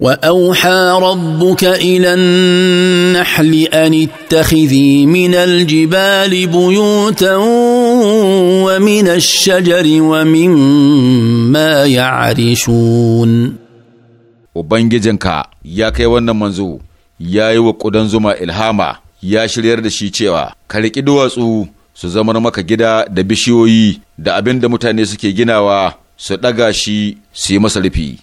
واوحى ربك الى النحل ان اتخذي من الجبال بيوتا ومن الشجر ومما يعرشون ubangijinka ya kai wannan manzo ya yiwa wa ƙudan zuma ilhama ya shiryar da shi cewa ka riƙi duwatsu su zamar maka gida da bishiyoyi da abin da mutane suke ginawa su ɗaga shi su yi masa rufi